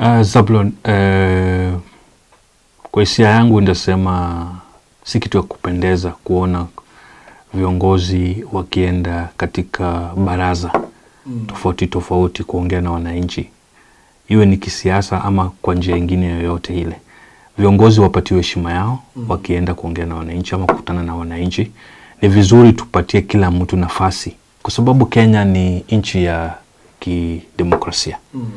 Uh, eh, Zablon, uh, eh, kwa hisia yangu ndasema si kitu ya kupendeza kuona viongozi wakienda katika baraza mm. tofauti tofauti kuongea na wananchi, iwe ni kisiasa ama kwa njia ingine yoyote ile. Viongozi wapatiwe heshima yao mm. wakienda kuongea na wananchi ama kukutana na wananchi. Ni vizuri tupatie kila mtu nafasi, kwa sababu Kenya ni nchi ya kidemokrasia mm.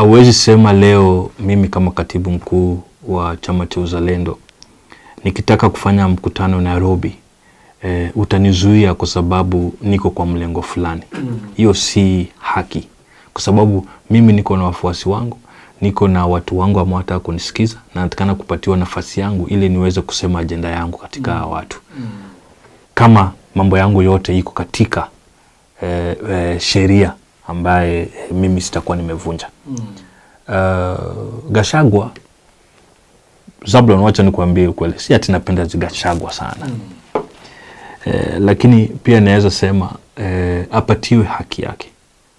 Hauwezi sema leo mimi kama katibu mkuu wa chama cha Uzalendo nikitaka kufanya mkutano Nairobi, e, utanizuia kwa sababu niko kwa mlengo fulani. Hiyo si haki, kwa sababu mimi niko na wafuasi wangu, niko na watu wangu ambao wanataka kunisikiza na natakana kupatiwa nafasi yangu ili niweze kusema ajenda yangu katika mm. watu mm. kama mambo yangu yote iko katika e, e, sheria ambaye mimi sitakuwa nimevunja. mm. Uh, Gachagua Zablon, wacha nikuambie ukweli, si ati napenda Gachagua sana mm. lakini pia naweza sema uh, apatiwe haki yake.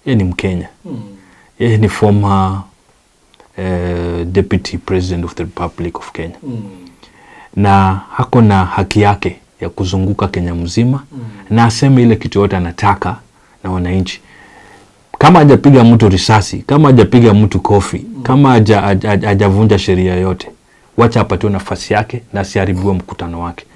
Yeye ni Mkenya mm. Yeye ni former uh, deputy president of the Republic of Kenya mm. na hako na haki yake ya kuzunguka Kenya mzima mm. na aseme ile kitu yote anataka na wananchi kama hajapiga mtu risasi, kama hajapiga mtu kofi, kama hajavunja sheria yote, wacha apatiwe nafasi yake na asiharibiwe mkutano wake.